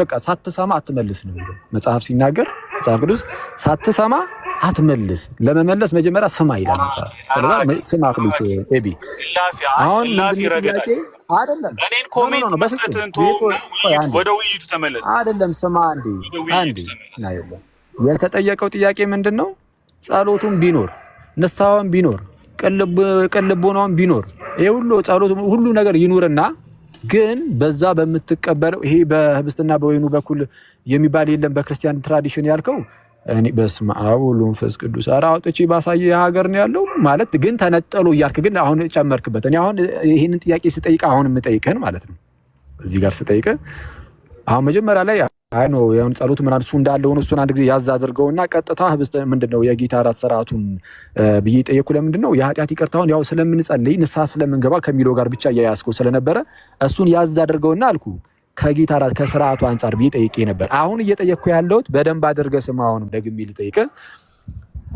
በቃ ሳትሰማ አትመልስ ነው የሚለው መጽሐፍ ሲናገር መጽሐፍ ቅዱስ ሳትሰማ አትመልስ ለመመለስ መጀመሪያ ስማ ይላል መጽሐፍ። ስማ ቅዱስ ኤቢ አሁን ጥያቄ አይደለም፣ ስማ አንዴ የተጠየቀው ጥያቄ ምንድን ነው? ጸሎቱም ቢኖር ንስሐውን ቢኖር ቅልቦናውን ቢኖር ይህ ሁሉ ጸሎቱ ሁሉ ነገር ይኑርና ግን በዛ በምትቀበለው ይሄ በህብስትና በወይኑ በኩል የሚባል የለም በክርስቲያን ትራዲሽን ያልከው እኔ በስመ አብ ወወልድ ወመንፈስ ቅዱስ ኧረ አውጥቼ ባሳየ ሀገር ነው ያለው ማለት ግን ተነጠሉ እያልክ ግን አሁን ጨመርክበት። እኔ አሁን ይህንን ጥያቄ ስጠይቅ አሁን የምጠይቅህን ማለት ነው እዚህ ጋር ስጠይቅህ አሁን መጀመሪያ ላይ አይ ነው ያን ጸሎት ምናምን እሱ እንዳለ ሆኖ እሱን አንድ ጊዜ ያዝ አድርገውና ቀጥታ ህብስት ምንድን ነው የጌታ እራት ስርዓቱን ብዬ ጠየቅኩ። ለምንድን ነው የኃጢአት ይቅርታውን ያው ስለምንጸልይ ንስሐ ስለምንገባ ከሚለው ጋር ብቻ እያያዝከው ስለነበረ እሱን ያዝ አድርገውና አልኩ ከጌታ እራት ከስርዓቱ አንጻር ብዬ ጠይቄ ነበር። አሁን እየጠየቅኩ ያለሁት በደንብ አድርገህ ስማ። አሁንም ደግሜ ልጠይቅህ።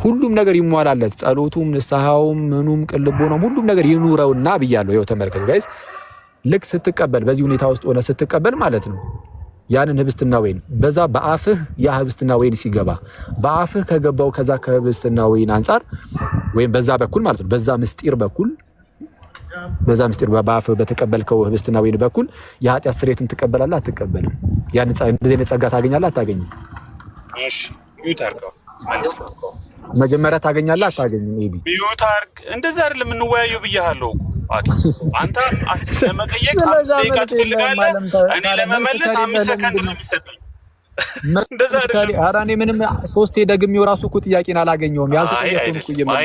ሁሉም ነገር ይሟላለት፣ ጸሎቱም፣ ንስሐውም፣ ምኑም፣ ቅልቦ ነው ሁሉም ነገር ይኑረውና ብያለሁ። ይኸው ተመልከቱ ጋይስ። ልክ ስትቀበል በዚህ ሁኔታ ውስጥ ሆነ ስትቀበል ማለት ነው ያንን ህብስትና ወይን በዛ በአፍህ ያ ህብስትና ወይን ሲገባ በአፍህ ከገባው ከዛ ከህብስትና ወይን አንጻር ወይም በዛ በኩል ማለት ነው በዛ ምስጢር በኩል በዛ ምስጢር በአፍ በተቀበልከው ህብስትና ወይን በኩል የኃጢአት ስሬትን ትቀበላለህ? አትቀበልም? ያን ጸጋ ታገኛለህ? አታገኝም? መጀመሪያ ታገኛለህ? አታገኝም? ቢዩታርግ እንደዚህ አይደለም እንወያዩ ብያለሁ። አለባቸው። አንተ ለመጠየቅ አምስት ደቂቃ ትፈልጋለህ። እኔ ለመመለስ አምስት ሰከንድ ነው የሚሰጠኝ። ኧረ እኔ ምንም ሶስቴ ደግሜው ራሱ እኮ ጥያቄን አላገኘውም። ያልተጠየቁ እኛ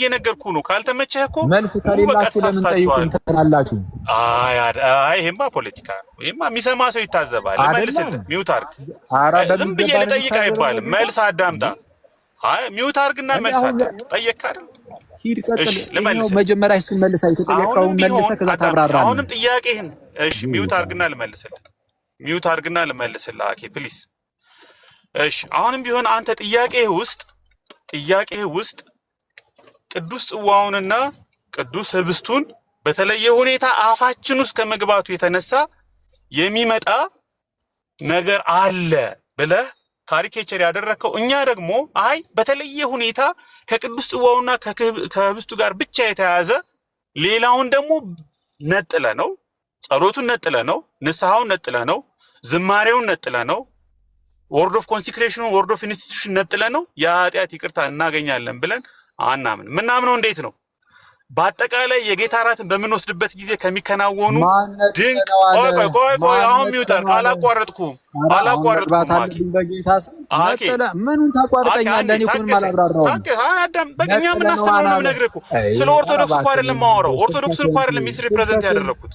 እየነገርኩ ነው። ካልተመቸህ እኮ መልስ ከሌላችሁ ለምን ጠይቁ እንትን ይሄማ ፖለቲካ ነው። ይሄማ የሚሰማ ሰው ይታዘባል። ሚውት አድርግ። ዝም ብዬ ልጠይቅ አይባልም። መልስ አዳምጣ አይ ሚውት አድርግና መልሳት ጠየቅህ አይደል? ሂድ ቀጥል። መጀመሪያ እሱን መልሳ የተጠየቀውን መልሰህ ከዛ ታብራራለህ። አሁንም ጥያቄህን እሺ፣ ሚውት አድርግና ልመልስልህ። ሚውት አድርግና ልመልስልህ። አኬ ፕሊስ። እሺ፣ አሁንም ቢሆን አንተ ጥያቄህ ውስጥ ጥያቄህ ውስጥ ቅዱስ ጽዋውንና ቅዱስ ህብስቱን በተለየ ሁኔታ አፋችን ውስጥ ከመግባቱ የተነሳ የሚመጣ ነገር አለ ብለህ ካሪኬቸር ያደረግከው እኛ ደግሞ አይ በተለየ ሁኔታ ከቅዱስ ጽዋውና ከህብስቱ ጋር ብቻ የተያያዘ ሌላውን ደግሞ ነጥለ ነው፣ ጸሎቱን ነጥለ ነው፣ ንስሐውን ነጥለ ነው፣ ዝማሬውን ነጥለ ነው፣ ወርድ ኦፍ ኮንሲክሬሽኑ ወርድ ኦፍ ኢንስቲቱሽን ነጥለ ነው የኃጢአት ይቅርታ እናገኛለን ብለን አናምን። ምናምነው እንዴት ነው? በአጠቃላይ የጌታ እራትን በምንወስድበት ጊዜ ከሚከናወኑ ድንቅ ቆይ ቆይ ቆይ አሁን ሚውጠር አላቋረጥኩም አላቋረጥኩም ምኑን ታቋርጠኛለህ እኔ እኮ ምንም አላብራራሁም እኛ የምናስተምረው ነው የምነግርህ እኮ ስለ ኦርቶዶክስ እኮ አይደለም የማወራው ኦርቶዶክስን እኮ አይደለም ሚስሪ ፕሬዘንት ያደረግኩት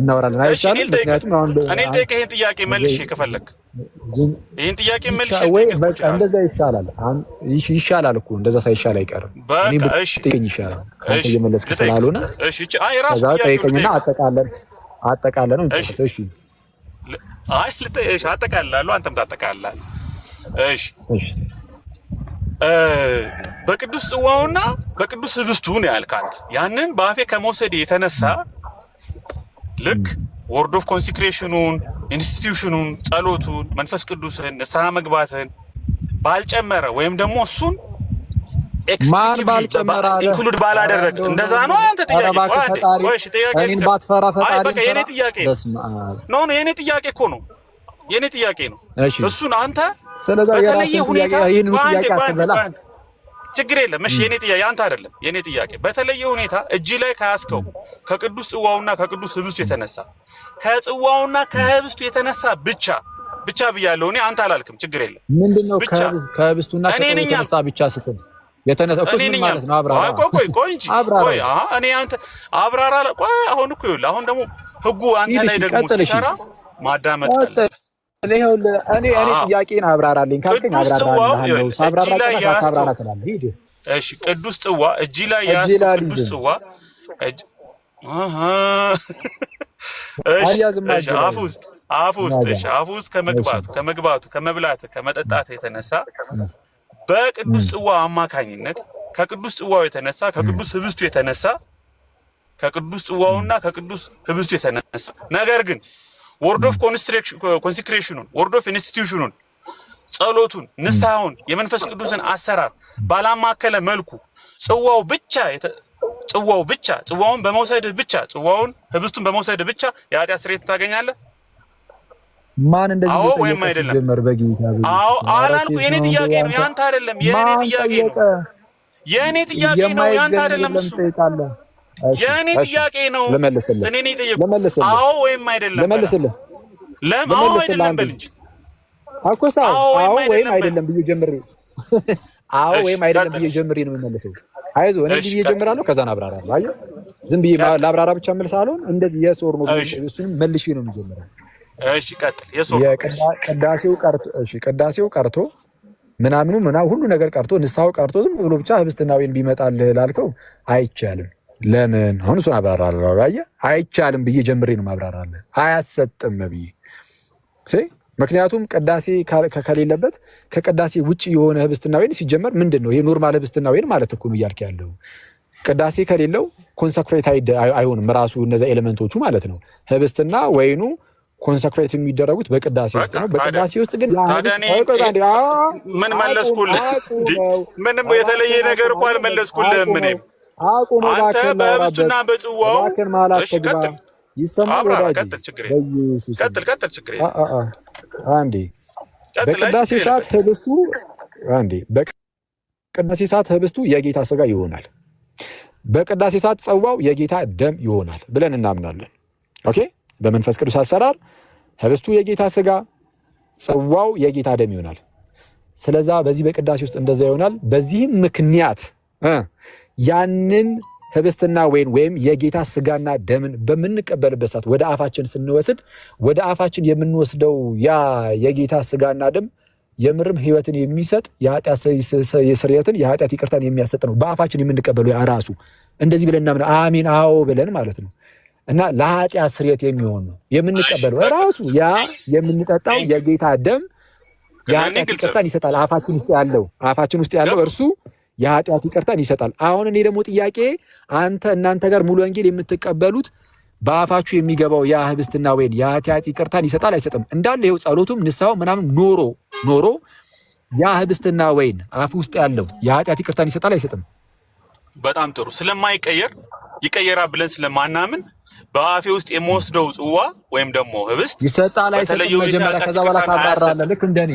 እናወራለን። አይቻልም። ምክንያቱም ይህን ጥያቄ መልሼ ከፈለግ ይህን ጥያቄ መልሼ እንደዛ ይሻላል። ይሻላል እኮ እንደዛ ሳይሻል አይቀርም። ጠይቀኝ ይሻላል። አንተ እየመለስክ ስላልሆነ ከዛ ጠይቀኝና አጠቃለን አጠቃለ ነው እንጨርስ። እሺ አጠቃላሉ አንተም ታጠቃላል። እሺ እሺ በቅዱስ ጽዋውና በቅዱስ ህብስቱ ነው ያልክ ያንን በአፌ ከመውሰድ የተነሳ ልክ ወርድ ኦፍ ኮንሲክሬሽኑን፣ ኢንስቲትዩሽኑን፣ ጸሎቱን፣ መንፈስ ቅዱስን፣ ንስሐ መግባትን ባልጨመረ ወይም ደግሞ እሱን ማን ባልጨመረ ኢንክሉድ ባላደረገ እንደዛ ነው። አንተ ጥያቄ ጥያቄ የኔ ጥያቄ ኖ ኖ የኔ ጥያቄ እኮ ነው የኔ ጥያቄ ነው። እሱን አንተ በተለየ ሁኔታ ይሄንን ጥያቄ ችግር የለም። እሺ የኔ ጥያቄ አንተ አይደለም። የኔ ጥያቄ በተለየ ሁኔታ እጅ ላይ ከያዝከው ከቅዱስ ጽዋውና ከቅዱስ ህብስቱ የተነሳ ከጽዋውና ከህብስቱ የተነሳ ብቻ ብቻ ብያለሁ እኔ አንተ አላልክም። ችግር የለም። ምንድነው ከህብስቱና ከተነሳ ብቻ ስትል የተነሳ እኮ ምን ማለት ነው? አብራራ። ቆይ ቆይ ቆይ እንጂ ቆይ። አሀ እኔ አንተ አብራራ። ቆይ አሁን እኮ ይኸውልህ፣ አሁን ደግሞ ህጉ አንተ ላይ ደግሞ ሲሰራ ማዳመጥ አለበት። እኔ ጥያቄን አብራራልኝ ካልከኝ አብራራልሃለሁ። ሳብራራ ቅዱስ ጽዋ እጅ ላይ ያዝኩት ቅዱስ ጽዋ አፍ ውስጥ አፍ ውስጥ አፍ ውስጥ ከመግባቱ ከመግባቱ ከመብላት ከመጠጣት የተነሳ በቅዱስ ጽዋ አማካኝነት ከቅዱስ ጽዋው የተነሳ ከቅዱስ ህብስቱ የተነሳ ከቅዱስ ጽዋውና ከቅዱስ ህብስቱ የተነሳ ነገር ግን ወርድ ኦፍ ኮንሲክሬሽኑን ወርድ ኦፍ ኢንስቲትዩሽኑን ጸሎቱን፣ ንስሐውን፣ የመንፈስ ቅዱስን አሰራር ባላማከለ መልኩ ጽዋው ብቻ ጽዋው ብቻ ጽዋውን በመውሰድ ብቻ ጽዋውን ህብስቱን በመውሰድ ብቻ የኃጢአት ስርየት ታገኛለህ። ማን እንደዚህ ነው ወይም አይደለም? ጀመር በጌታ አዎ፣ አላልኩ። የኔ ጥያቄ ነው ያንተ አይደለም። የኔ ጥያቄ ነው የኔ ጥያቄ ነው ያንተ አይደለም እሱ የእኔ ጥያቄ ነው። እኔ ነው የጠየኩት። አዎ ወይም አይደለም። ለመልስልህ ለምን አዎ አይደለም በል እንጂ እኮ አዎ ወይም አይደለም ብዬ ጀምሬ አዎ ወይም አይደለም ብዬ ጀምሬ ነው የምመለሰው። አይዞ እኔ ግን ብዬ ከዛን አብራራለሁ። አየህ ዝም ብዬ ለአብራራ ብቻ መልስ አልሆን እንደዚህ የሶር ነው ኖ እሱንም መልሼ ነው የሚጀምረው። እሺ ቀጥል። የሶር ኦር ቅዳሴው ቀርቶ እሺ ቅዳሴው ቀርቶ ምናምኑ ምናምን ሁሉ ነገር ቀርቶ ንስሐው ቀርቶ ዝም ብሎ ብቻ ህብስትና ወይን ቢመጣልህ ላልከው አይቻልም። ለምን አሁን እሱን አብራራለሁ። አየህ አይቻልም ብዬ ጀምሬ ነው ማብራራለሁ። አያሰጥም ብዬ ምክንያቱም ቅዳሴ ከሌለበት ከቅዳሴ ውጭ የሆነ ህብስትና ወይን ሲጀመር ምንድን ነው ይሄ? ኖርማል ህብስትና ወይን ማለት እኮ ነው እያልክ ያለው። ቅዳሴ ከሌለው ኮንሰክሬት አይሆንም ራሱ እነዚያ ኤሌመንቶቹ ማለት ነው። ህብስትና ወይኑ ኮንሰክሬት የሚደረጉት በቅዳሴ ውስጥ ነው። በቅዳሴ ውስጥ ግን ምን መለስኩልህ? ምንም የተለየ ነገር እኮ አልመለስኩልህም እኔም አቁም እባክህን። በህብስቱና በጽዋው እባክህን መሀላት ተግባ ይሰማል። ወዳጅ በኢየሱስ ቀጥል። ችግር አንዴ በቅዳሴ ሰዓት ህብስቱ አንዴ በቅዳሴ ሰዓት ህብስቱ የጌታ ስጋ ይሆናል፣ በቅዳሴ ሰዓት ጽዋው የጌታ ደም ይሆናል ብለን እናምናለን። ኦኬ በመንፈስ ቅዱስ አሰራር ህብስቱ የጌታ ስጋ፣ ጽዋው የጌታ ደም ይሆናል። ስለዛ በዚህ በቅዳሴ ውስጥ እንደዛ ይሆናል። በዚህም ምክንያት ያንን ህብስትና ወይን ወይም የጌታ ስጋና ደምን በምንቀበልበት ሰዓት ወደ አፋችን ስንወስድ ወደ አፋችን የምንወስደው ያ የጌታ ስጋና ደም የምርም ህይወትን የሚሰጥ የኃጢአት ስርየትን የኃጢአት ይቅርታን የሚያሰጥ ነው። በአፋችን የምንቀበለው ራሱ እንደዚህ ብለን እናምን አሚን፣ አዎ ብለን ማለት ነው። እና ለኃጢአት ስርየት የሚሆን ነው የምንቀበለው ራሱ ያ የምንጠጣው የጌታ ደም የኃጢአት ይቅርታን ይሰጣል። አፋችን ውስጥ ያለው አፋችን ውስጥ ያለው እርሱ የኃጢአት ይቅርታን ይሰጣል። አሁን እኔ ደግሞ ጥያቄ አንተ እናንተ ጋር ሙሉ ወንጌል የምትቀበሉት በአፋችሁ የሚገባው ያ ህብስትና ወይን የኃጢአት ይቅርታን ይሰጣል አይሰጥም? እንዳለ ይኸው ጸሎቱም ንስሐው ምናምን ኖሮ ኖሮ ያ ህብስትና ወይን አፍ ውስጥ ያለው የኃጢአት ይቅርታን ይሰጣል አይሰጥም? በጣም ጥሩ። ስለማይቀየር ይቀየራ ብለን ስለማናምን በአፌ ውስጥ የምወስደው ጽዋ ወይም ደግሞ ህብስት ይሰጣል አይሰጥም? መጀመሪያ ከዛ በኋላ ካባራለ ልክ እንደኔ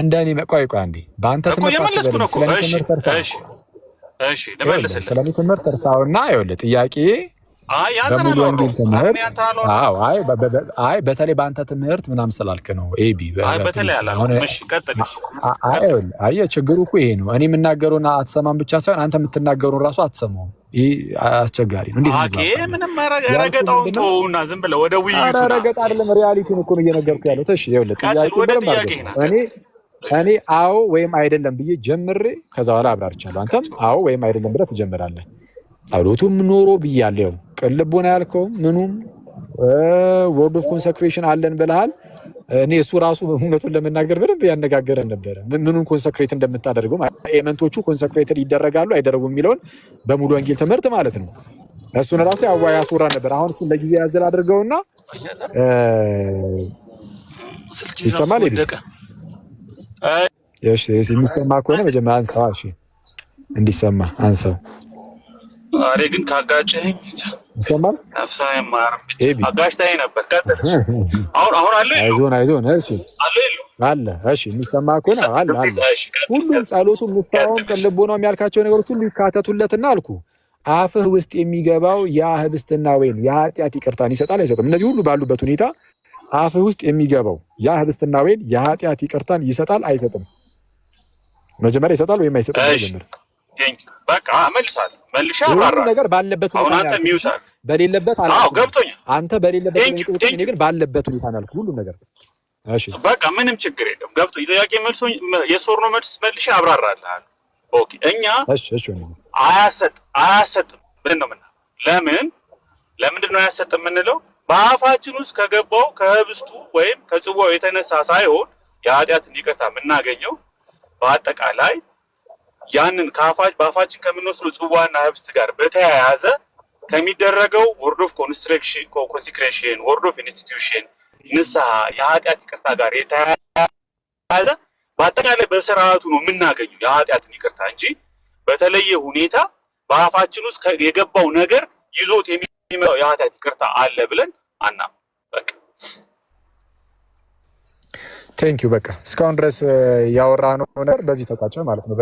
እንደኔ ቆይ ቆይ አንዴ በአንተ ትምህርት እርሳውና ይኸውልህ ጥያቄ በሙሉ ወንጌል ትምህርት አይ በተለይ በአንተ ትምህርት ምናምን ስላልክ ነው። ኤቢ አየህ ችግሩ እኮ ይሄ ነው። እኔ የምናገረውን አትሰማም ብቻ ሳይሆን አንተ የምትናገሩን እራሱ አትሰማውም። ይህ አስቸጋሪ ነው። ምንም ረገጣውን ተውና ዝም ብለህ ወደ ውይይቱ ረገጣ አይደለም ሪያሊቲውን እኮ ነው እየነገርኩህ ያለሁት። እሺ ይኸውልህ ጥያቄ እኔ አዎ ወይም አይደለም ብዬ ጀምሬ ከዛ በኋላ አብራርቻለሁ። አንተም አዎ ወይም አይደለም ብለህ ትጀምራለህ። ጸሎቱም ኖሮ ብያለሁ። ቅልቡን ያልከው ምኑም ወርድ ኦፍ ኮንሰክሬሽን አለን ብለሃል። እኔ እሱ ራሱ እውነቱን ለመናገር በደንብ ያነጋገረን ነበረ። ምኑን ኮንሰክሬት እንደምታደርገው ኤመንቶቹ ኮንሰክሬትድ ይደረጋሉ አይደረጉም የሚለውን በሙሉ ወንጌል ትምህርት ማለት ነው። እሱን ራሱ ያዋ ያስወራ ነበር። አሁን እሱን ለጊዜ ያዝል አድርገውና ይሰማል እሺ የሚሰማ ከሆነ መጀመሪያ አንሳው። እሺ፣ እንዲሰማ አንሳው። አሬ ግን ካጋጨኝ ይሰማል። አጋጭተኸኝ ነበር። ቀጥል። አሁን አሁን አለ። አይዞን አይዞን። እሺ አለ። አለ እሺ፣ የሚሰማ ከሆነ አለ አለ። ሁሉም ጸሎቱ፣ ምሳውን፣ ቅልቦ ነው የሚያልካቸው ነገሮች ሁሉ ይካተቱለትና አልኩ አፍህ ውስጥ የሚገባው ያ ህብስትና ወይን የኃጢአት ይቅርታን ይሰጣል አይሰጥም? እነዚህ ሁሉ ባሉበት ሁኔታ አፍ ውስጥ የሚገባው ያ ህብስትና ወይን የኃጢአት ይቅርታን ይሰጣል አይሰጥም? መጀመሪያ ይሰጣል ወይም አይሰጥም? በቃ መልሳለሁ። መልሼ አብራራለሁ። ነገር ባለበት ሁኔታ ነው፣ በሌለበት አላልኩም። ገብቶኛል። አንተ በሌለበት ሁኔታ እኔ ግን ባለበት ሁኔታ ነው ያልኩህ ሁሉም ነገር። እሺ በቃ ምንም ችግር የለም። ገብቶ ጥያቄ መልሶ የሶርኖ መልስ መልሼ አብራራለሁ። ኦኬ እኛ እሺ እሺ አያሰጥ አያሰጥም ብለን ነው ምናምን ለምን ለምንድን ነው አያሰጥም የምንለው? በአፋችን ውስጥ ከገባው ከህብስቱ ወይም ከጽዋው የተነሳ ሳይሆን የኃጢአትን ይቅርታ የምናገኘው በአጠቃላይ ያንን በአፋችን ከምንወስደው ጽዋና ህብስት ጋር በተያያዘ ከሚደረገው ወርድ ኦፍ ኮንሲክሬሽን፣ ወርድ ኦፍ ኢንስቲትዩሽን፣ ንስሐ፣ የኃጢአት ይቅርታ ጋር የተያያዘ በአጠቃላይ በስርዓቱ ነው የምናገኘው የኃጢአትን ይቅርታ እንጂ በተለየ ሁኔታ በአፋችን ውስጥ የገባው ነገር ይዞት የሚ የሚመጣው የኃጢአት ይቅርታ አለ ብለን አናም በቃ በቃ እስካሁን ድረስ ያወራ ነው ነገር በዚህ ተቋጨ ማለት ነው።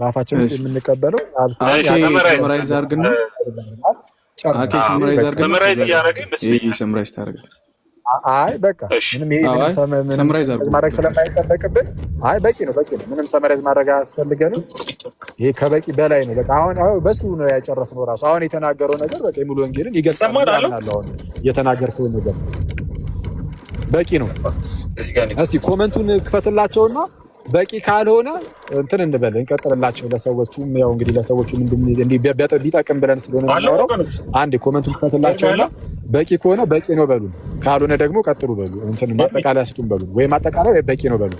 በአፋችን ውስጥ የምንቀበለው ሰምራይዝ አድርግና ሰምራይዝ እያደረገ ይመስለኛል። ሰምራይዝ አይ በቃ ምንም ይሄ ማድረግ ስለማይጠበቅብን፣ አይ በቂ ነው በቂ ነው። ምንም ሰመራይዝ ማድረግ አያስፈልገንም። ይሄ ከበቂ በላይ ነው። በቃ አሁን አሁን በሱ ነው ያጨረስነው። ራሱ አሁን የተናገረው ነገር በቃ የሙሉ ወንጌልን ይገሰማል። አሁን የተናገርከው ነገር በቂ ነው። እስቲ ኮመንቱን ክፈትላቸውና በቂ ካልሆነ እንትን እንበል እንቀጥልላቸው። ለሰዎቹ ያው እንግዲህ ለሰዎቹ ሊጠቅም ብለን ስለሆነ የምናወራው አንድ ኮመንቱ ልትፈትላቸውና በቂ ከሆነ በቂ ነው በሉን፣ ካልሆነ ደግሞ ቀጥሉ በሉ፣ እንትን ማጠቃለያ ስጡን በሉ፣ ወይም አጠቃላይ ወይ በቂ ነው በሉ።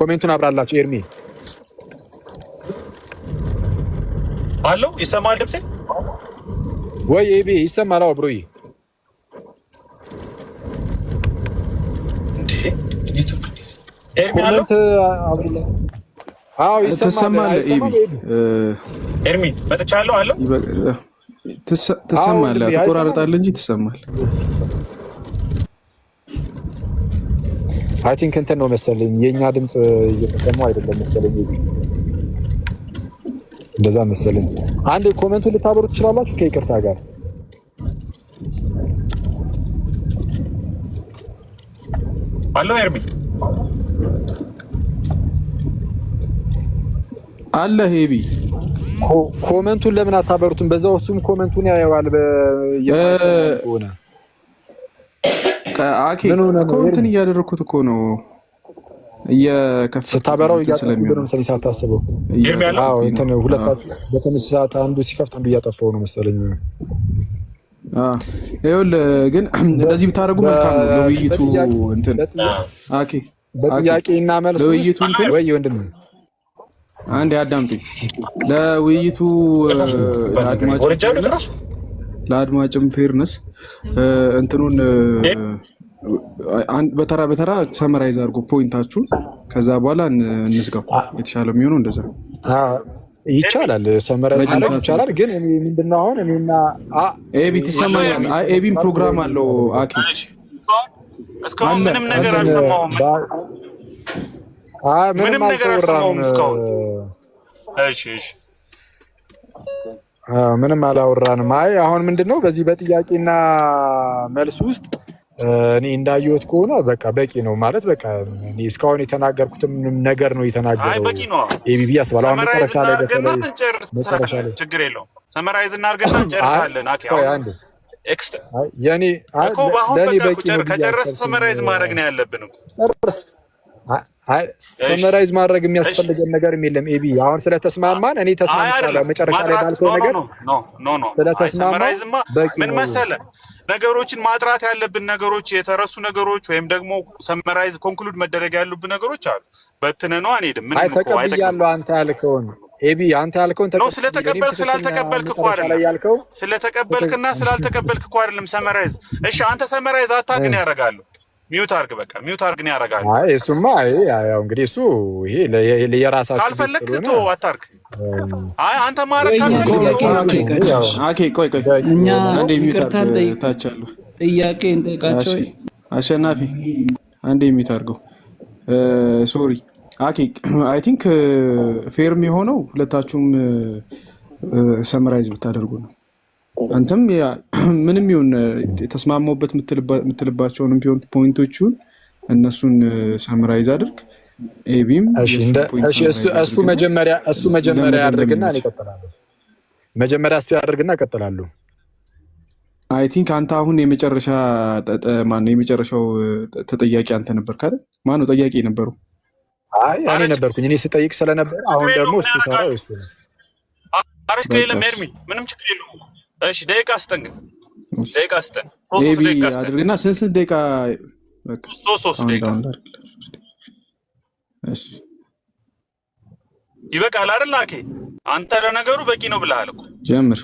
ኮሜንቱን አብራላቸው። ኤርሚ አለው ይሰማል ድምጼ ወይ ኤቢ ይሰማል? አዎ ብሮዬ ኤርሚ መጥቻለሁ ትሰማለህ። ትቆራረጣለህ እንጂ ትሰማለህ። አይ ቲንክ እንትን ነው መሰለኝ የእኛ ድምፅ እየተሰማ አይደለም መሰለኝ፣ እንደዛ መሰለኝ። አንድ ኮመንቱን ልታበሩ ትችላላችሁ ከይቅርታ ጋር አለው ኤርሚ አለ ሄቢ ኮመንቱን ለምን አታበሩትም? በዛው እሱም ኮመንቱን ያየዋል። በየሆነ አኬ ኮመንትን እያደረኩት እኮ ነው እየከፈተ ስታበራው እያጠፋው ነው መሰለኝ ሳታስበው። አዎ እንትን ሁለታችሁ በተነሳ ሰዓት አንዱ ሲከፍት አንዱ እያጠፋው ነው መሰለኝ። ይኸውልህ ግን እንደዚህ ብታደርጉ መልካም ነው ለውይይቱ እንትን አኬ በጥያቄ እና መልስ ለውይይቱ እንትን ወይ ወንድም አንድ አዳምጡኝ። ለውይይቱ ለአድማጭም ፌርነስ እንትኑን በተራ በተራ ሰመራይዝ አድርጎ ፖይንታችሁን ከዛ በኋላ እንዝጋው። የተሻለ የሚሆነው እንደዛ ይቻላል። ሰመራይዝ ይቻላል። ግን ምንድነው አሁን እኔና ኤቢ ትሰማኛል። ኤቢን ፕሮግራም አለው አኬ እስካሁን ምንም ነገር አልሰማሁም። ምንም ነገር አልሰማሁም እስካሁን ምንም አላወራንም። አይ አሁን ምንድን ነው በዚህ በጥያቄና መልስ ውስጥ እኔ እንዳየሁት ከሆነ በቃ በቂ ነው ማለት በቃ እስካሁን የተናገርኩትም ነገር ነው የተናገረው ኤቢቢ ያስባል። አሁን መጨረሻ ላይ በተለይ መጨረሻ ላይ ችግር የለውም ሰመራይዝ እናድርግና እንጨርሳለን። ለእኔ በቂ ነው። ከጨረስ ሰመራይዝ ማድረግ ነው ያለብን። ሰመራይዝ ማድረግ የሚያስፈልገን ነገር የለም። ኤቢ አሁን ስለተስማማን እኔ ተስማምቻለሁ። መጨረሻ ላይ ባልከው ነገር ስለተስማማን ምን መሰለ ነገሮችን ማጥራት ያለብን ነገሮች፣ የተረሱ ነገሮች ወይም ደግሞ ሰመራይዝ ኮንክሉድ መደረግ ያሉብን ነገሮች አሉ። በትነ በትነነው አንሄድም። ምን ተቀብያለሁ አንተ ያልከውን ኤቢ አንተ ያልከውን ተቀበል። ስለተቀበልክ ስላልተቀበልክ እኮ አይደለም፣ ስለተቀበልክና ስላልተቀበልክ እኮ አይደለም። ሰመራይዝ እሺ፣ አንተ ሰመራይዝ አታግን ያደርጋለሁ ሚውት አርግ፣ በቃ ሚውት አርግ ነው ያረጋል። አይ እሱማ ያው እንግዲህ እሱ ይሄ ለየራሳችሁ ካልፈለክ ቶ አታርግ። አይ አንተ ማረግ ካልፈለክ ኦኬ። ቆይ ቆይ፣ እኛ አንዴ ሚውት አርግ። ታቻሉ ጥያቄ እንጠይቃቸው። አሸናፊ አንዴ ሚውት አርገው። ሶሪ አኬ አይ ቲንክ ፌርም የሆነው ሁለታችሁም ሰምራይዝ ብታደርጉ ነው። አንተም ምንም ይሁን የተስማማውበት የምትልባቸውንም ቢሆን ፖይንቶቹን እነሱን ሰምራይዝ አድርግ። ኤቢም እሱ መጀመሪያ እሱ መጀመሪያ ያድርግና እኔ መጀመሪያ እሱ ያደርግና እቀጥላለሁ። አይ ቲንክ አንተ አሁን የመጨረሻ ማነው የመጨረሻው ተጠያቂ አንተ ነበር ካለ ማነው ጠያቂ ነበሩ? አይ እኔ ነበርኩኝ። እኔ ስጠይቅ ስለነበር አሁን ደግሞ እሱ ተራ እሱ ነው። ምንም ችግር የለውም። እሺ ደቂቃ ስጠን፣ ግን ደቂቃ ስጠን። ሶስት ደቂቃ አድርግና ስንት ስንት ደቂቃ? ሶስት ሶስት ደቂቃ እሺ ይበቃል አይደል? አኬ አንተ ለነገሩ በቂ ነው ብለሃል እኮ ጀምር።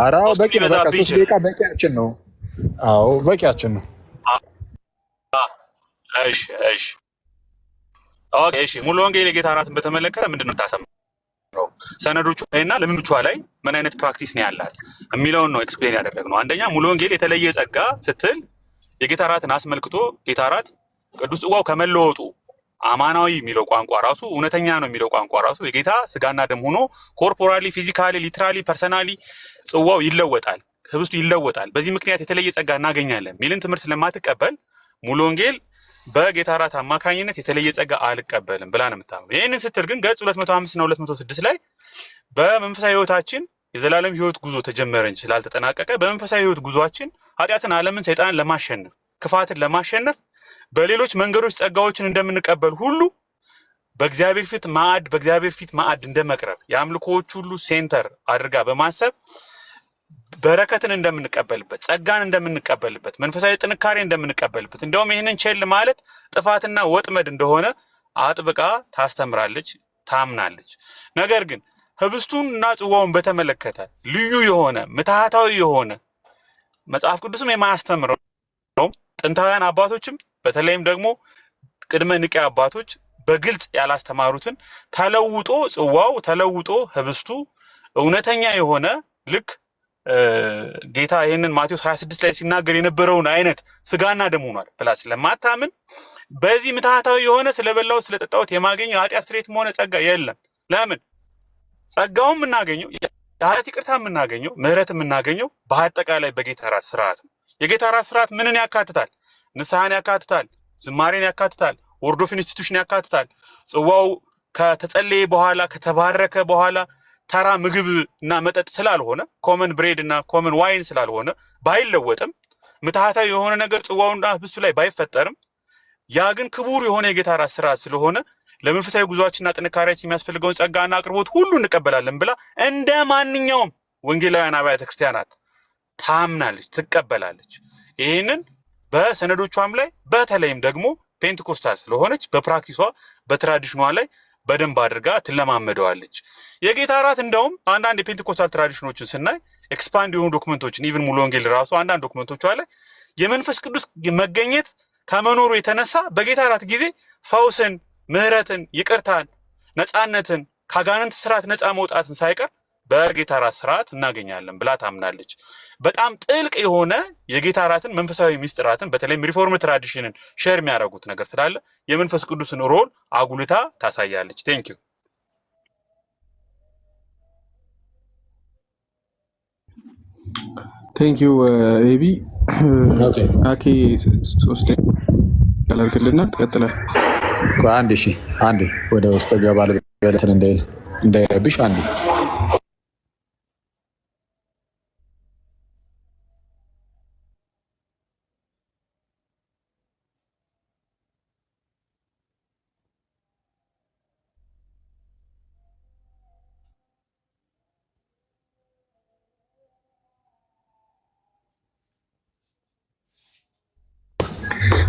ኧረ አዎ በቂ ነው። በቃ ሶስት ደቂቃ በቂያችን ነው። አዎ በቂያችን ነው። እሺ እሺ ኦኬ እሺ። ሙሉ ወንጌል የጌታ እራትን በተመለከተ ምንድን ነው የምታሰማው? ሰነዶቹ እና ልምምቿ ላይ ምን አይነት ፕራክቲስ ነው ያላት የሚለውን ነው ኤክስፕሌን ያደረግነው። አንደኛ ሙሉ ወንጌል የተለየ ጸጋ ስትል የጌታ እራትን አስመልክቶ ጌታ እራት ቅዱስ ጽዋው ከመለወጡ አማናዊ የሚለው ቋንቋ ራሱ እውነተኛ ነው የሚለው ቋንቋ ራሱ የጌታ ስጋና ደም ሆኖ ኮርፖራሊ፣ ፊዚካሊ፣ ሊትራሊ፣ ፐርሰናሊ ጽዋው ይለወጣል፣ ህብስቱ ይለወጣል። በዚህ ምክንያት የተለየ ጸጋ እናገኛለን የሚልን ትምህርት ስለማትቀበል ሙሉ ወንጌል በጌታ እራት አማካኝነት የተለየ ጸጋ አልቀበልም ብላ ነው የምታምነው። ይህንን ስትል ግን ገጽ 205 እና 206 ላይ በመንፈሳዊ ህይወታችን የዘላለም ህይወት ጉዞ ተጀመረ እንጂ ስላልተጠናቀቀ በመንፈሳዊ ህይወት ጉዞችን ኃጢአትን፣ ዓለምን፣ ሰይጣንን ለማሸነፍ ክፋትን ለማሸነፍ በሌሎች መንገዶች ጸጋዎችን እንደምንቀበል ሁሉ በእግዚአብሔር ፊት ማዕድ በእግዚአብሔር ፊት ማዕድ እንደመቅረብ የአምልኮዎች ሁሉ ሴንተር አድርጋ በማሰብ በረከትን እንደምንቀበልበት፣ ጸጋን እንደምንቀበልበት፣ መንፈሳዊ ጥንካሬ እንደምንቀበልበት እንደውም ይህንን ቸል ማለት ጥፋትና ወጥመድ እንደሆነ አጥብቃ ታስተምራለች፣ ታምናለች። ነገር ግን ህብስቱን እና ጽዋውን በተመለከተ ልዩ የሆነ ምትሃታዊ የሆነ መጽሐፍ ቅዱስም የማያስተምረው ጥንታውያን አባቶችም በተለይም ደግሞ ቅድመ ንቄ አባቶች በግልጽ ያላስተማሩትን ተለውጦ ጽዋው ተለውጦ ህብስቱ እውነተኛ የሆነ ልክ ጌታ ይህንን ማቴዎስ 26 ላይ ሲናገር የነበረውን አይነት ስጋና ደም ሆኗል ብላ ስለማታምን በዚህ ምትሃታዊ የሆነ ስለበላው ስለጠጣሁት የማገኘው የኃጢአት ስርየትም ሆነ ጸጋ የለም። ለምን ጸጋውን የምናገኘው የኃጢአት ይቅርታ የምናገኘው ምህረት የምናገኘው በአጠቃላይ በጌታ ራት ስርዓት ነው። የጌታ ራት ስርዓት ምንን ያካትታል? ንስሐን ያካትታል፣ ዝማሬን ያካትታል፣ ወርዶፍ ኢንስቲቱሽን ያካትታል። ጽዋው ከተጸለየ በኋላ ከተባረከ በኋላ ተራ ምግብ እና መጠጥ ስላልሆነ ኮመን ብሬድ እና ኮመን ዋይን ስላልሆነ ባይለወጥም ምትሃታዊ የሆነ ነገር ጽዋውና ህብስቱ ላይ ባይፈጠርም ያ ግን ክቡር የሆነ የጌታ ራስ ስራ ስለሆነ ለመንፈሳዊ ጉዟችንና ጥንካሬያችን የሚያስፈልገውን ጸጋና አቅርቦት ሁሉ እንቀበላለን ብላ እንደ ማንኛውም ወንጌላውያን አብያተ ክርስቲያናት ታምናለች፣ ትቀበላለች። ይህንን በሰነዶቿም ላይ በተለይም ደግሞ ፔንትኮስታል ስለሆነች በፕራክቲሷ በትራዲሽኗ ላይ በደንብ አድርጋ ትለማመደዋለች። የጌታ እራት እንደውም አንዳንድ የፔንቴኮስታል ትራዲሽኖችን ስናይ ኤክስፓንድ የሆኑ ዶክመንቶችን ኢቭን ሙሉ ወንጌል ራሱ አንዳንድ ዶክመንቶቹ አለ የመንፈስ ቅዱስ መገኘት ከመኖሩ የተነሳ በጌታ እራት ጊዜ ፈውስን፣ ምሕረትን፣ ይቅርታን፣ ነፃነትን ከአጋንንት ስርዓት ነፃ መውጣትን ሳይቀር በጌታ ራት ስርዓት እናገኛለን ብላ ታምናለች። በጣም ጥልቅ የሆነ የጌታ ራትን መንፈሳዊ ሚስጥራትን በተለይም ሪፎርም ትራዲሽንን ሸር የሚያደርጉት ነገር ስላለ የመንፈስ ቅዱስን ሮል አጉልታ ታሳያለች። ቴንኪዩ ቴንኪዩ ኤቢ አኬ ሶስት ያላልክልና ትቀጥላል። አንድ ሺ አንድ ወደ ውስጥ ገባ ልበለትን እንዳይረብሽ አንድ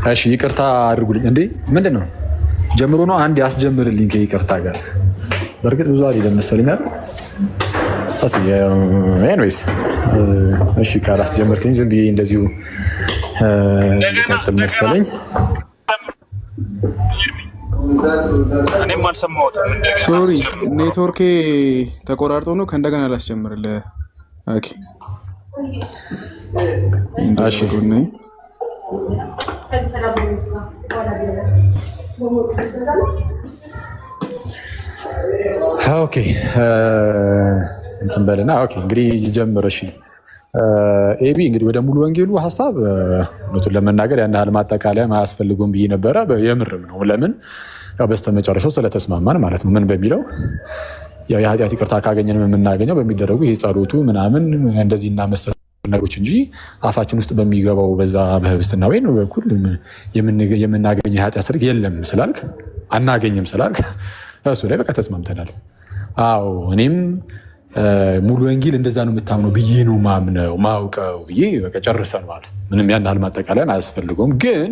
እሺ ይቅርታ አድርጉልኝ። እንዴ ምንድን ነው ጀምሮ ነው? አንድ ያስጀምርልኝ ከይቅርታ ጋር። በእርግጥ ብዙ አይደለም መሰለኝ አይደል? ኤኒዌይስ እሺ፣ ካላስጀመርክኝ ዝም ብዬ እንደዚሁ ቀጥል መሰለኝ። ሶሪ ኔትወርኬ ተቆራርጦ ነው። ከእንደገና ላስጀምርልህ። ኦኬ እሺ ኦኬ እንትን በልና ኦኬ እንግዲህ እሺ ኤቢ እንግዲህ ወደ ሙሉ ወንጌሉ ሀሳብ እውነቱን ለመናገር ያን ያህል ማጠቃለያ አያስፈልጉም ብዬ ነበረ። የምርም ነው። ለምን ያው በስተመጨረሻው ስለተስማማን ማለት ነው። ምን በሚለው ያው የኃጢአት ይቅርታ ካገኘን የምናገኘው በሚደረጉ ይሄ ጸሎቱ ምናምን እንደዚህ እናመስል ነገሮች እንጂ አፋችን ውስጥ በሚገባው በዛ በህብስትና ወይን በኩል የምናገኝ የኃጢአት ስርግ የለም ስላልክ አናገኝም ስላልክ እሱ ላይ በቃ ተስማምተናል። አዎ እኔም ሙሉ ወንጌል እንደዛ ነው የምታምነው ብዬ ነው ማምነው ማውቀው ብዬ በቃ ጨርሰነዋል። ምንም ያን ያህል ማጠቃለያን አያስፈልገውም። ግን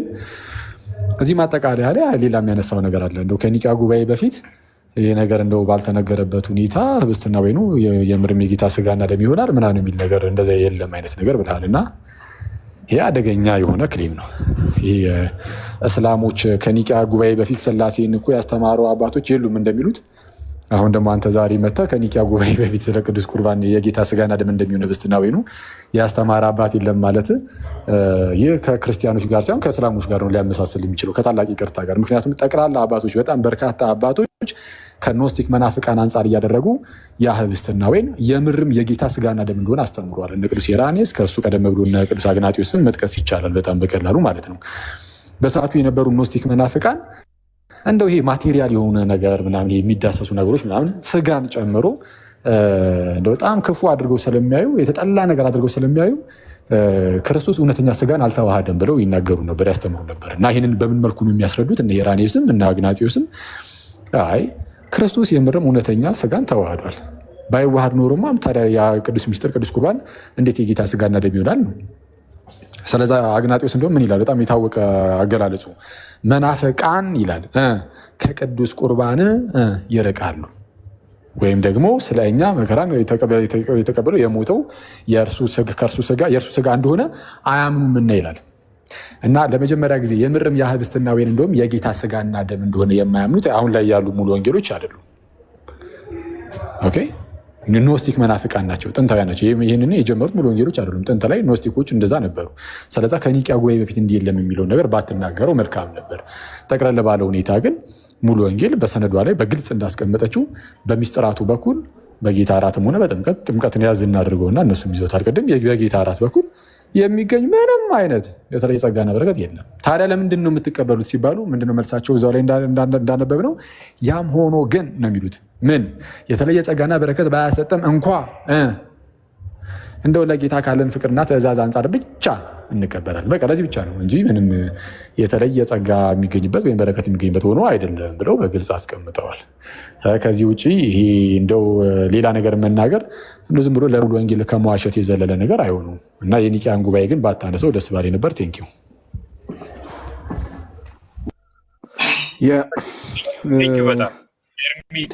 እዚህ ማጠቃለያ ላይ ሌላ የሚያነሳው ነገር አለ እንደው ከኒቃ ጉባኤ በፊት ይህ ነገር እንደው ባልተነገረበት ሁኔታ ህብስትና ወይኑ የምርም የጌታ ስጋና ደም ይሆናል ምናምን የሚል ነገር እንደዚ የለም አይነት ነገር ብልሃል እና ይህ አደገኛ የሆነ ክሌም ነው። ይህ እስላሞች ከኒቂያ ጉባኤ በፊት ስላሴን እኮ ያስተማሩ አባቶች የሉም እንደሚሉት አሁን ደግሞ አንተ ዛሬ መታ ከኒቂያ ጉባኤ በፊት ስለ ቅዱስ ቁርባን የጌታ ስጋና ደም እንደሚሆን ህብስትና ወይኑ ያስተማረ አባት የለም ማለት ይህ ከክርስቲያኖች ጋር ሳይሆን ከእስላሞች ጋር ነው ሊያመሳስል የሚችለው ከታላቅ ይቅርታ ጋር። ምክንያቱም ጠቅላላ አባቶች፣ በጣም በርካታ አባቶች ከኖስቲክ መናፍቃን አንጻር እያደረጉ ያ ህብስትና ወይን የምርም የጌታ ስጋና ደም እንደሆነ አስተምረዋል። እነ ቅዱስ ኢራኔስ ከእርሱ ቀደም ብሎ እነ ቅዱስ አግናጢዎስን መጥቀስ ይቻላል በጣም በቀላሉ ማለት ነው። በሰዓቱ የነበሩ ኖስቲክ መናፍቃን እንደው ይሄ ማቴሪያል የሆነ ነገር ምናምን የሚዳሰሱ ነገሮች ምናምን ስጋን ጨምሮ በጣም ክፉ አድርገው ስለሚያዩ የተጠላ ነገር አድርገው ስለሚያዩ ክርስቶስ እውነተኛ ስጋን አልተዋሃደም ብለው ይናገሩ ነበር፣ ያስተምሩ ነበር። እና ይህንን በምን መልኩ ነው የሚያስረዱት? እነ ኢራኔስም እና አግናጢዮስም አይ ክርስቶስ የምርም እውነተኛ ስጋን ተዋህዷል፣ ባይዋሃድ ኖሮማ ታዲያ ያ ቅዱስ ሚስጥር ቅዱስ ቁርባን እንዴት የጌታ ስጋና ደም ይሆናል ነው ስለዛ አግናጢዎስ እንደሁም ምን ይላል? በጣም የታወቀ አገላለጹ መናፈቃን ይላል ከቅዱስ ቁርባን ይርቃሉ ወይም ደግሞ ስለ እኛ መከራን የተቀበለው የሞተው ከእርሱ ስጋ የእርሱ ስጋ እንደሆነ አያምኑምና ይላል። እና ለመጀመሪያ ጊዜ የምርም የህብስትና ወይን እንደውም የጌታ ስጋና ደም እንደሆነ የማያምኑት አሁን ላይ ያሉ ሙሉ ወንጌሎች አይደሉም። ኦኬ ኖስቲክ መናፍቃን ናቸው፣ ጥንታውያን ናቸው። ይህንን የጀመሩት ሙሉ ወንጌሎች አይደሉም። ጥንት ላይ ኖስቲኮች እንደዛ ነበሩ። ስለዛ ከኒቅያ ጉባኤ በፊት እንዲህ የለም የሚለውን ነገር ባትናገረው መልካም ነበር። ጠቅለል ባለ ሁኔታ ግን ሙሉ ወንጌል በሰነዷ ላይ በግልጽ እንዳስቀመጠችው በሚስጥራቱ በኩል በጌታ እራትም ሆነ በጥምቀት ጥምቀትን ያዝ እናድርገውና እነሱም ይዘውታል። ቅድም በጌታ እራት በኩል የሚገኝ ምንም አይነት የተለየ ጸጋና በረከት የለም። ታዲያ ለምንድን ነው የምትቀበሉት ሲባሉ ምንድነው መልሳቸው? እዛው ላይ እንዳነበብ ነው። ያም ሆኖ ግን ነው የሚሉት ምን የተለየ ጸጋና በረከት ባያሰጠም እንኳ እንደው ለጌታ ካለን ፍቅርና ትእዛዝ አንጻር ብቻ እንቀበላል። በቃ ለዚህ ብቻ ነው እንጂ ምንም የተለየ ጸጋ የሚገኝበት ወይም በረከት የሚገኝበት ሆኖ አይደለም ብለው በግልጽ አስቀምጠዋል። ከዚህ ውጭ ይሄ እንደው ሌላ ነገር መናገር ዝም ብሎ ለሙሉ ወንጌል ከመዋሸት የዘለለ ነገር አይሆኑም እና የኒቅያን ጉባኤ ግን ባታነሰው ደስ ባሌ ነበር። ቴንኪው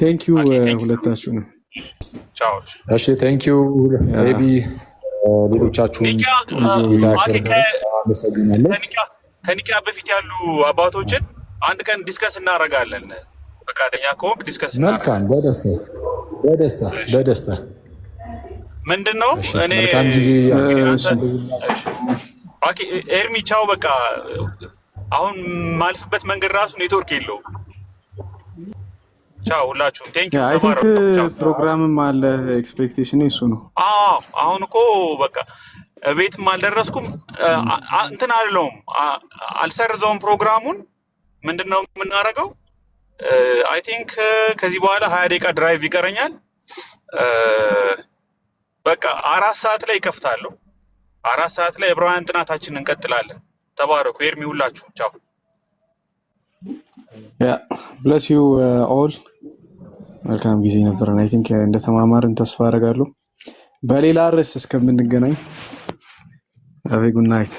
ቴንኪው ሁለታችሁ ነው። እሺ ቴንኪዩ ቢ uh, ሌሎቻችሁን አመሰግናለሁ። በፊት ያሉ አባቶችን አንድ ቀን ዲስከስ እናደርጋለን። ፈቃደኛ ከሆንክ ዲስከስ መልካም። በደስታ በደስታ በደስታ ምንድን ነው እኔ ጊዜ ኤርሚ ቻው። በቃ አሁን ማልፍበት መንገድ ራሱ ኔትወርክ የለውም። ቻው ሁላችሁም ቴንኪው። አይ ቲንክ ፕሮግራምም አለ ኤክስፔክቴሽን እሱ ነው። አዎ አሁን እኮ በቃ እቤትም አልደረስኩም እንትን አለውም አልሰርዘውም ፕሮግራሙን ምንድን ነው የምናደርገው? አይ ቲንክ ከዚህ በኋላ ሀያ ደቂቃ ድራይቭ ይቀረኛል። በቃ አራት ሰዓት ላይ ይከፍታለሁ። አራት ሰዓት ላይ የብራውያን ጥናታችን እንቀጥላለን። ተባረኩ። ኤርሚ ሁላችሁ ቻው። ብለስ ዩ ኦል መልካም ጊዜ ነበረን። አይ ቲንክ እንደተማማርን ተስፋ አደርጋለሁ። በሌላ ርዕስ እስከምንገናኝ አቤ ጉድ ናይት።